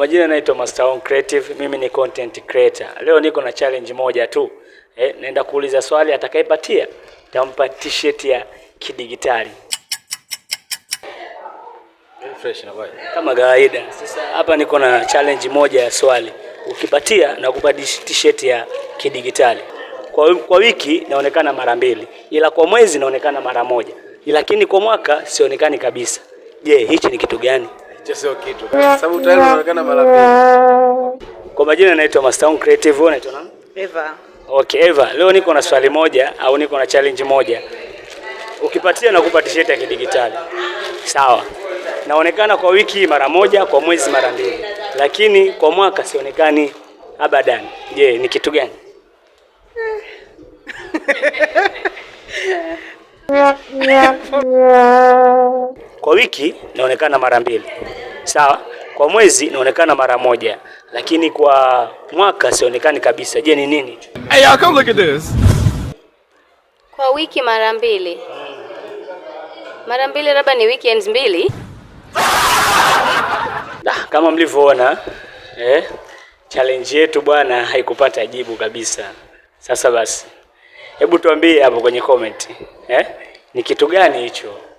majina naitwa Master Home Creative, mimi ni content creator. Leo niko na challenge moja tu eh, naenda kuuliza swali, atakayepatia tampa t-shirt ya kidigitali fresh na vibe kama kawaida. Sasa hapa niko na challenge moja ya swali, ukipatia na kupa t-shirt ya kidigitali kwa, kwa wiki naonekana mara mbili, ila kwa mwezi naonekana mara moja, lakini kwa mwaka sionekani kabisa. Je, hichi ni kitu gani? kuficha sio kitu, kwa sababu tayari unaonekana mara mbili. Kwa majina naitwa Master Own Creative, unaitwa nani? Eva. Okay, Eva, leo niko na swali moja au niko na challenge moja. Ukipatia na kupa t-shirt ya kidigitali. Sawa. Naonekana kwa wiki mara moja, kwa mwezi mara mbili, lakini kwa mwaka sionekani abadan. Je, ni kitu gani? Kwa wiki naonekana mara mbili, sawa. Kwa mwezi inaonekana mara moja, lakini kwa mwaka sionekani kabisa. Je, ni nini? Hey, come look at this. Kwa wiki mara mbili, mara mbili, labda ni weekends mbili. Nah, kama mlivyoona eh, challenge yetu bwana haikupata jibu kabisa. Sasa basi, hebu tuambie hapo kwenye comment eh, ni kitu gani hicho?